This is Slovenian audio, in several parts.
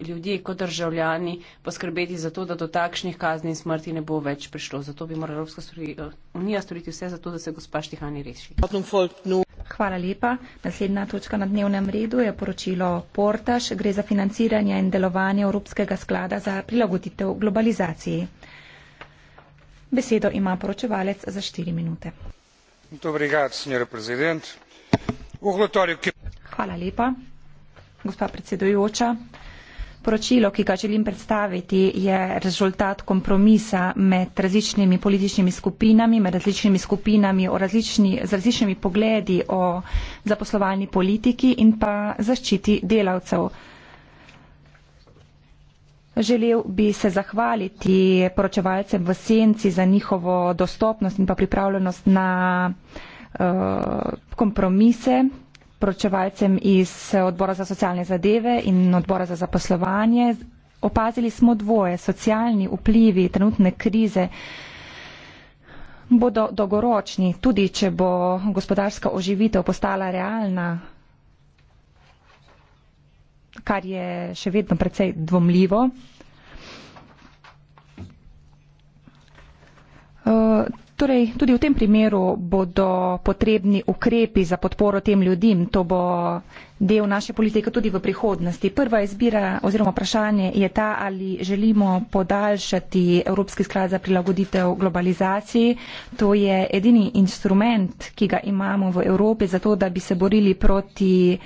ljudje kot državljani poskrbeti za to, da do takšnih kazni in smrti ne bo več prišlo. Zato bi morala Evropska eh, unija storiti vse za to, da se gospa Štihani reši. Hvala lepa. Naslednja točka na dnevnem redu je poročilo Portaž. Gre za financiranje in delovanje Evropskega sklada za prilagoditev globalizaciji. Besedo ima poročevalec za štiri minute. Hvala lepa, gospa predsedujoča. Poročilo, ki ga želim predstaviti, je rezultat kompromisa med različnimi političnimi skupinami, med različnimi skupinami različni, z različnimi pogledi o zaposlovalni politiki in pa zaščiti delavcev. Želel bi se zahvaliti poročevalcem v senci za njihovo dostopnost in pa pripravljenost na uh, kompromise poročevalcem iz odbora za socialne zadeve in odbora za zaposlovanje. Opazili smo dvoje, socialni vplivi trenutne krize bodo dolgoročni, tudi če bo gospodarska oživitev postala realna, kar je še vedno precej dvomljivo. Eh, torej, tudi v tem primeru bodo potrebni ukrepi za podporo tem ljudem. To bo del naše politike tudi v prihodnosti. Prva izbira oziroma vprašanje je ta, ali želimo podaljšati Evropski sklad za prilagoditev globalizaciji. To je edini instrument, ki ga imamo v Evropi, zato da bi se borili proti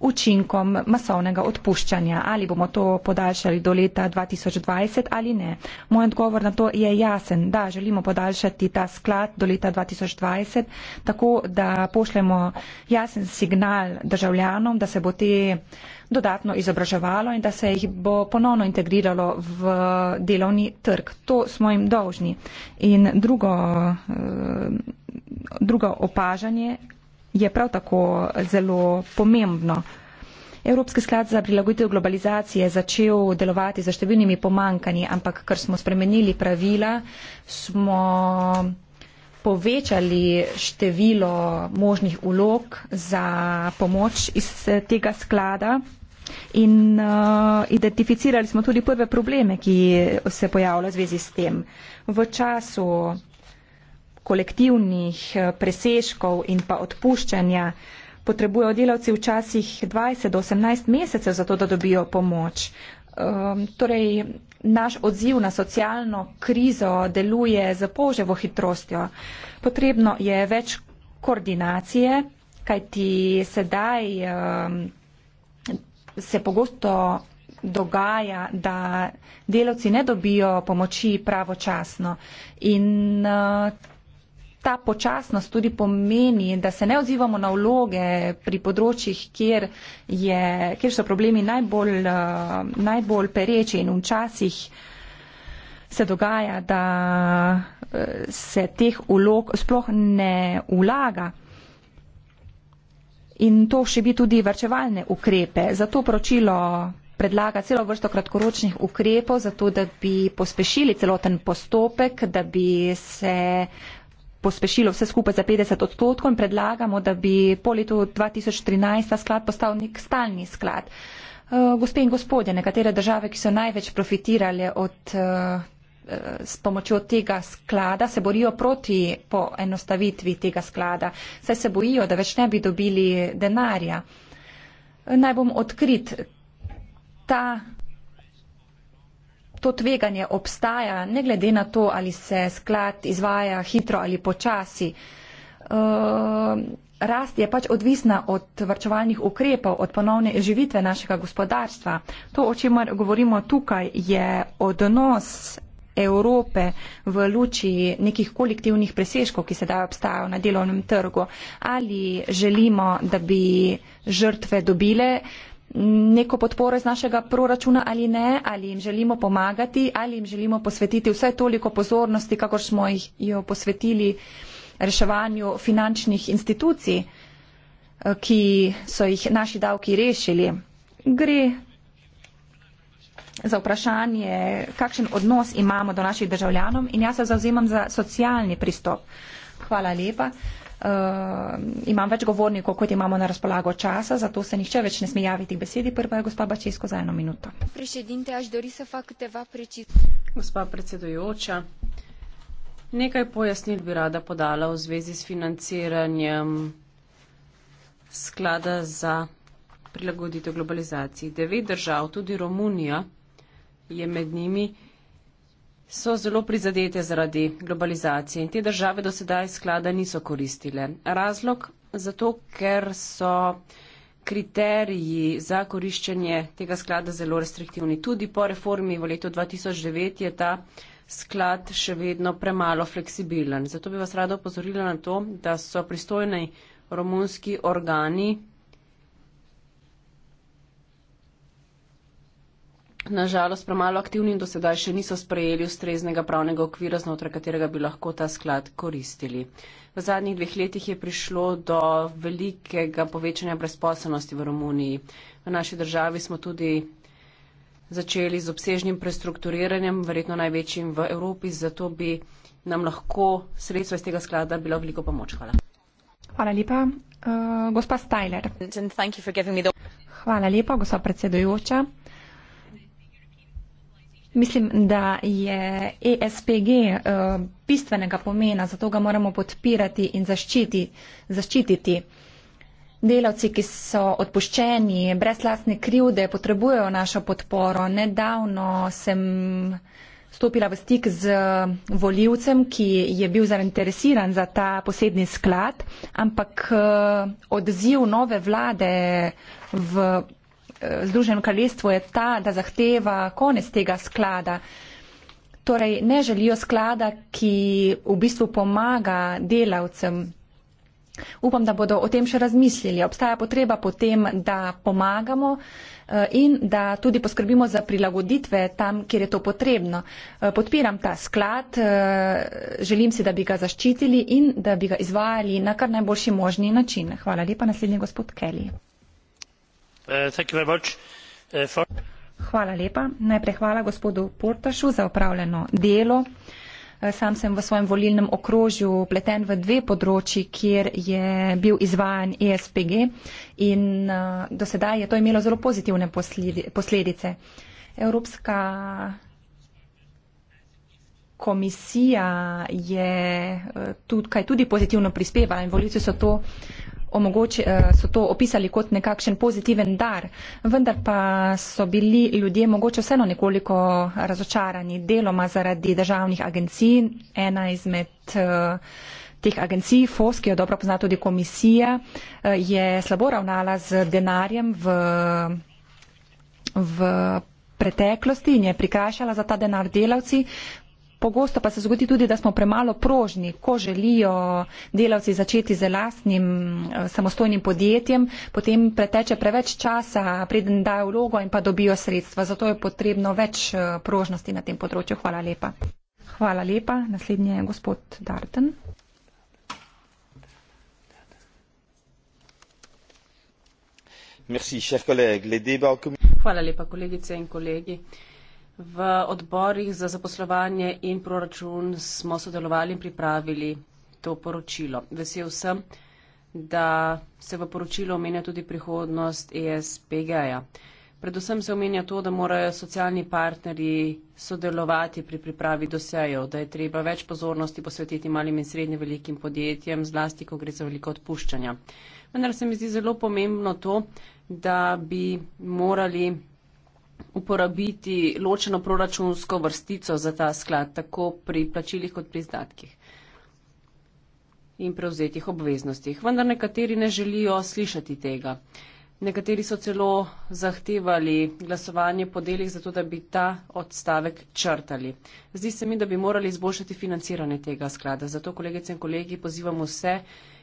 učinkom masovnega odpuščanja, ali bomo to podaljšali do leta 2020 ali ne. Moj odgovor na to je jasen, da želimo podaljšati ta sklad do leta 2020, tako da pošljemo jasen signal državljanom, da se bo te dodatno izobraževalo in da se jih bo ponovno integriralo v delovni trg. To smo jim dolžni. In drugo, eh, drugo opažanje, je prav tako zelo pomembno. Evropski sklad za prilagoditev globalizacije je začel delovati za številnimi pomankanji, ampak ker smo spremenili pravila, smo povečali število možnih ulog za pomoč iz eh, tega sklada in uh, identificirali smo tudi prve probleme, ki se pojavljajo v zvezi s tem. V času kolektivnih eh, presežkov in pa odpuščanja potrebujejo delavci včasih 20 do 18 mesecev za to, da dobijo pomoč. Um, torej, naš odziv na socialno krizo deluje za poževo hitrostjo. Potrebno je več koordinacije, kajti sedaj um, se pogosto dogaja, da delavci ne dobijo pomoči pravočasno. In, uh, ta počasnost tudi pomeni, da se ne odzivamo na vloge pri področjih, kjer, je, kjer so problemi najbolj, eh, najbolj pereči in včasih se dogaja, da eh, se teh vlog sploh ne vlaga. In to še bi tudi vrčevalne ukrepe. Zato poročilo predlaga celo vrsto kratkoročnih ukrepov, zato da bi pospešili celoten postopek, da bi se uh, pospešilo vse skupaj za 50 odstotkov in predlagamo, da bi po letu 2013 ta sklad postal nek stalni sklad. Eh, gospe in gospodje, nekatere države, ki so največ profitirale od, eh, eh, s pomočjo tega sklada, se borijo proti poenostavitvi tega sklada, saj se bojijo, da več ne bi dobili denarja. Naj bom odkrit ta to tveganje obstaja, ne glede na to, ali se sklad izvaja hitro ali počasi. E, rast je pač odvisna od vrčevalnih ukrepov, od ponovne živitve našega gospodarstva. To, o čemer govorimo tukaj, je odnos. Evrope v luči nekih kolektivnih presežkov, ki sedaj obstajajo na delovnem trgu, ali želimo, da bi žrtve dobile neko podporo iz našega proračuna ali ne, ali jim želimo pomagati, ali jim želimo posvetiti vsaj toliko pozornosti, kakor smo jih jo posvetili reševanju finančnih institucij, eh, ki so jih naši davki rešili. Gre za vprašanje, kakšen odnos imamo do naših državljanov in jaz se zauzemam za socialni pristop. Hvala lepa. Eh, imam več govornikov, kot imamo na razpolago časa, zato se nihče več ne sme javiti k besedi. Prva je gospa Bačesko za eno minuto. Prešedinte, až dori se fakt teva preči. Gospa predsedujoča, nekaj pojasnil bi rada podala v zvezi s financiranjem sklada za prilagoditev globalizaciji. Devet držav, tudi Romunija, je med njimi so zelo prizadete zaradi globalizacije in te države do sedaj sklada niso koristile. Razlog za to, ker so kriteriji za koriščenje tega sklada zelo restriktivni. Tudi po reformi v letu 2009 je ta sklad še vedno premalo fleksibilen. Zato bi vas rada opozorila na to, da so pristojni romunski organi nažalost premalo aktivni in do sedaj še niso sprejeli ustreznega pravnega okvira, znotraj katerega bi lahko ta sklad koristili. V zadnjih dveh letih je prišlo do velikega povečanja brezposobnosti v Romuniji. V naši državi smo tudi začeli z obsežnim prestrukturiranjem, verjetno največjim v Evropi, zato bi nam lahko sredstva iz tega sklada bila veliko pomoč. Hvala. Hvala lepa. Uh, gospa Stajler. Hvala lepa, gospa predsedujoča. Mislim, da je ESPG eh, bistvenega pomena, zato ga moramo podpirati in zaščiti, zaščititi. Delavci, ki so odpuščeni, brez lastne krivde, potrebujejo našo podporo. Nedavno sem stopila v stik z voljivcem, ki je bil zainteresiran za ta posebni sklad, ampak eh, odziv nove vlade v Združenem kraljestvu je ta, da zahteva konec tega sklada. Torej, ne želijo sklada, ki v bistvu pomaga delavcem. Upam, da bodo o tem še razmislili. Obstaja potreba potem, da pomagamo eh, in da tudi poskrbimo za prilagoditve tam, kjer je to potrebno. Eh, podpiram ta sklad, eh, želim si, da bi ga zaščitili in da bi ga izvajali na kar najboljši možni način. Hvala lepa, naslednji gospod Kelly. Uh, uh, najprej hvala gospodu Portašu za opravljeno delo. Uh, sam sem v svojem volilnem okrožju pleten v dve področji, kjer je bil izvajan ESPG in do sedaj je to imelo zelo pozitivne posledice. Evropska komisija je tukaj tudi pozitivno prispevala in volivci so to omogoči, eh, so to opisali kot nekakšen pozitiven dar, vendar pa so bili ljudje mogoče vseeno nekoliko razočarani deloma zaradi državnih agencij. Ena izmed eh, teh agencij, FOS, ki jo dobro pozna tudi komisija, eh, je slabo ravnala z denarjem v, v preteklosti in je prikrašala za ta denar delavci, Pogosto pa se zgodi tudi, da smo premalo prožni, ko želijo delavci začeti z lastnim eh, samostojnim podjetjem, potem preteče preveč časa, preden dajo vlogo in pa dobijo sredstva. Zato je potrebno več eh, prožnosti na tem področju. Hvala lepa. Hvala lepa. Naslednji je gospod Darten. Merci, cher collègue. Les débats... Hvala lepa, kolegice in kolegi. V odborih za zaposlovanje in proračun smo sodelovali in pripravili to poročilo. Vesel sem, da se v poročilu omenja tudi prihodnost ESPG-ja. Predvsem se omenja to, da morajo socialni partnerji sodelovati pri pripravi dosejev, da je treba več pozornosti posvetiti malim in srednje velikim podjetjem, zlasti, ko gre za veliko odpuščanja. Vendar se mi zdi zelo pomembno to, da bi morali uporabiti ločeno proračunsko vrstico za ta sklad, tako pri plačilih kot pri izdatkih in prevzetih obveznostih. Vendar nekateri ne želijo slišati tega. Nekateri so celo zahtevali glasovanje po delih, zato da bi ta odstavek črtali. Zdi se mi, da bi morali izboljšati financiranje tega sklada. Zato, kolegice in kolegi, pozivamo vse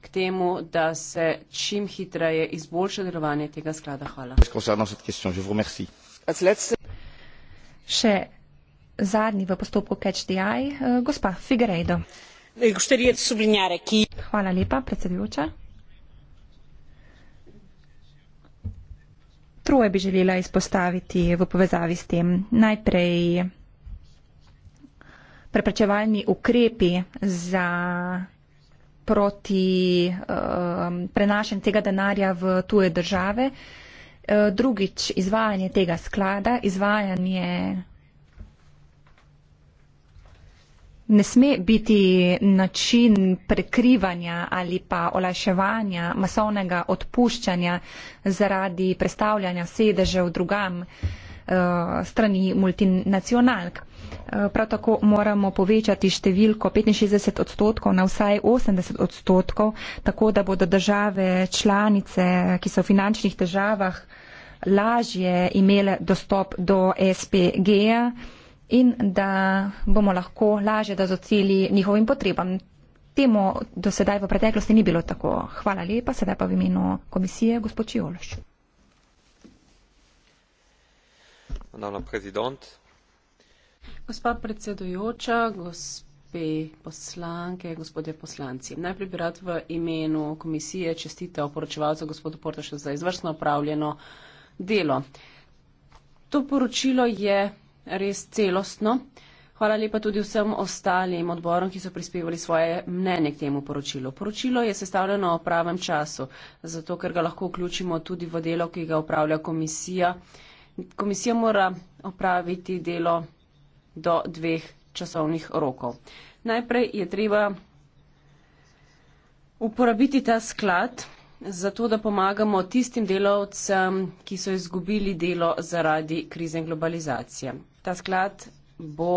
k temu, da se čim hitreje izboljša delovanje tega sklada. Hvala. Še zadnji v postopku Catch the Eye, eh, gospa Figueiredo. Eh, Hvala lepa, predsedujoča. Troje bi želela izpostaviti v povezavi s tem. Najprej preprečevalni ukrepi za proti um, eh, prenašanju tega denarja v tuje države. Uh, Eh, drugič izvajanje tega sklada, izvajanje ne sme biti način prekrivanja ali pa olajševanja masovnega odpuščanja zaradi predstavljanja sedežev drugam. Eh, strani multinacionalk. Eh, prav tako moramo povečati številko 65 odstotkov na vsaj 80 odstotkov, tako da bodo države članice, ki so v finančnih težavah, lažje imele dostop do SPG-ja in da bomo lahko lažje dozocili njihovim potrebam. Temu do sedaj v preteklosti ni bilo tako. Hvala lepa, sedaj pa v imenu komisije gospod Čiološ. madame la présidente. Gospa predsedujoča, gospe poslanke, gospodje poslanci. Najprej bi rad v imenu komisije čestitev poročevalcu gospodu Portošu za izvrstno opravljeno delo. To poročilo je res celostno. Hvala lepa tudi vsem ostalim odborom, ki so prispevali svoje mnenje k temu poročilu. Poročilo je sestavljeno v pravem času, zato ker ga lahko vključimo tudi v delo, ki ga upravlja komisija. Uh, Komisija mora opraviti delo do dveh časovnih rokov. Najprej je treba uporabiti ta sklad zato, da pomagamo tistim delavcem, ki so izgubili delo zaradi krize in globalizacije. Ta sklad bo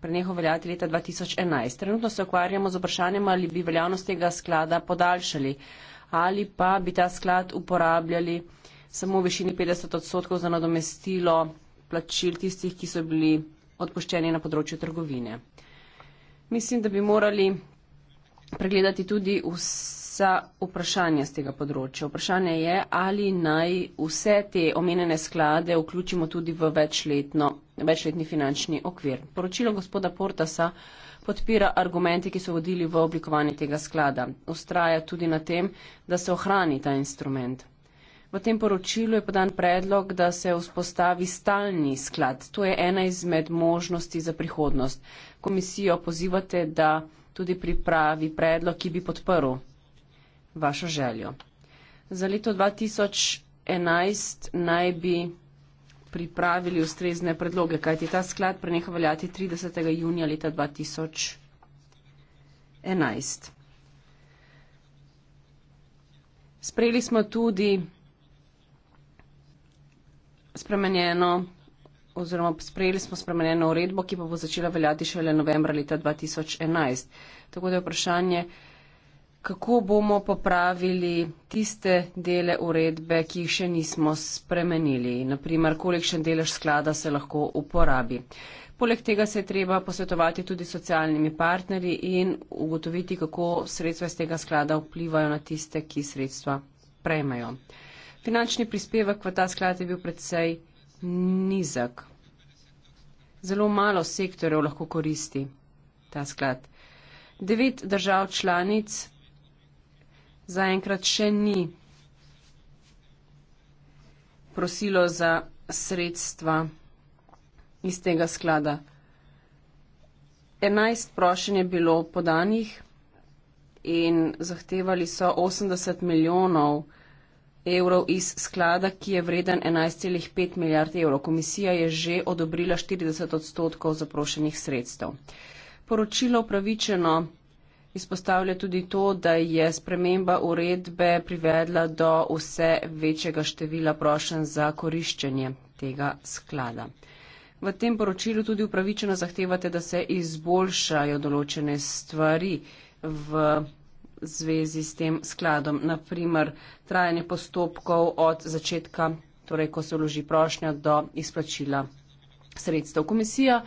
prenehal veljati leta 2011. Trenutno se ukvarjamo z vprašanjem, ali bi veljavnost tega sklada podaljšali ali pa bi ta sklad uporabljali uh, samo v višini 50 odstotkov za nadomestilo plačil tistih, ki so bili odpoščeni na področju trgovine. Mislim, da bi morali pregledati tudi vsa vprašanja z tega področja. Vprašanje je, ali naj vse te omenjene sklade vključimo tudi v večletno, večletni finančni okvir. Poročilo gospoda Portasa podpira argumente, ki so vodili v oblikovanje tega sklada. Ustraja tudi na tem, da se ohrani ta instrument. V tem poročilu je podan predlog, da se vzpostavi stalni sklad. To je ena izmed možnosti za prihodnost. Komisijo pozivate, da tudi pripravi predlog, ki bi podprl vašo željo. Za leto 2011 naj bi pripravili ustrezne predloge, kajti ta sklad preneha veljati 30. junija leta 2011. Sprejeli smo tudi spremenjeno oziroma sprejeli smo spremenjeno uredbo, ki pa bo začela veljati šele novembra leta 2011. Tako da je vprašanje, kako bomo popravili tiste dele uredbe, ki jih še nismo spremenili. Naprimer, kolikšen delež sklada se lahko uporabi. Poleg tega se je treba posvetovati tudi socialnimi partnerji in ugotoviti, kako sredstva iz tega sklada vplivajo na tiste, ki sredstva prejmejo. Finančni prispevek v ta sklad je bil predvsej nizek. Zelo malo sektorjev lahko koristi ta sklad. Devet držav članic zaenkrat še ni prosilo za sredstva iz tega sklada. Enajst prošen je bilo podanih in zahtevali so 80 milijonov evrov evrov iz sklada, ki je vreden 11,5 milijard evrov. Komisija je že odobrila 40 odstotkov zaprošenih sredstev. Poročilo pravičeno izpostavlja tudi to, da je sprememba uredbe privedla do vse večjega števila prošen za koriščenje tega sklada. V tem poročilu tudi upravičeno zahtevate, da se izboljšajo določene stvari v zvezi s tem skladom. Naprimer, trajanje postopkov od začetka, torej ko se vloži prošnja, do izplačila sredstev. Komisija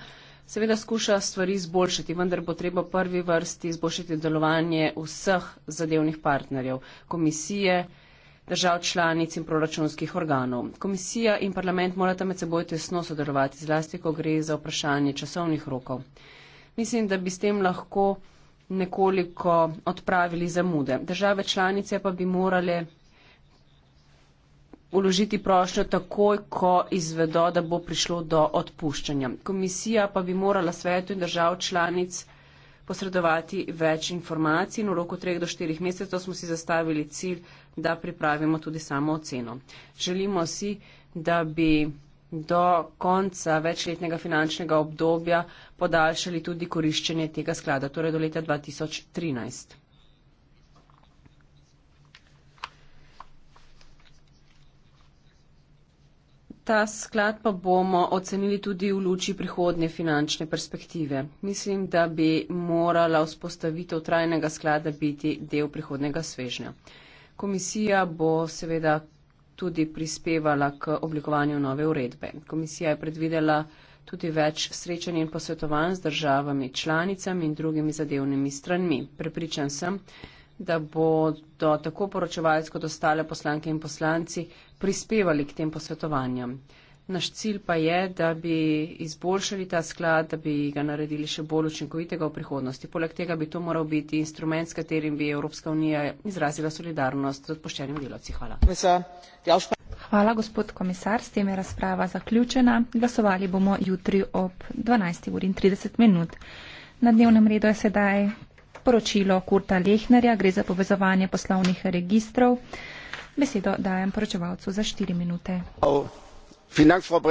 seveda skuša stvari izboljšati, vendar bo treba prvi vrsti izboljšati delovanje vseh zadevnih partnerjev, komisije, držav članic in proračunskih organov. Komisija in parlament morata med seboj tesno sodelovati, zlasti ko gre za vprašanje časovnih rokov. Mislim, da bi s tem lahko nekoliko odpravili zamude. Države članice pa bi morale uložiti prošljo takoj, ko izvedo, da bo prišlo do odpuščanja. Komisija pa bi morala svetu in držav članic posredovati več informacij in v roku 3 do 4 mesecev smo si zastavili cilj, da pripravimo tudi samo oceno. Želimo si, da bi do konca večletnega finančnega obdobja podaljšali tudi koriščenje tega sklada, torej do leta 2013. Ta sklad pa bomo ocenili tudi v luči prihodne finančne perspektive. Mislim, da bi morala vzpostavitev trajnega sklada biti del prihodnega svežnja. Komisija bo seveda tudi prispevala k oblikovanju nove uredbe. Komisija je predvidela tudi več srečanj in posvetovanj z državami, članicami in drugimi zadevnimi stranmi. Prepričan sem, da bodo tako poročevalci kot ostale poslanke in poslanci prispevali k tem posvetovanjem. Naš cilj pa je, da bi izboljšali ta sklad, da bi ga naredili še bolj učinkovitega v prihodnosti. Poleg tega bi to moral biti instrument, s katerim bi Evropska unija izrazila solidarnost z odpoščenim delavci. Hvala. Hvala, gospod komisar. S tem je razprava zaključena. Glasovali bomo jutri ob 12.30. Na dnevnem redu je sedaj poročilo Kurta Lehnerja. Gre za povezovanje poslovnih registrov. Besedo dajem poročevalcu za 4 minute. Oh frau präsidentin!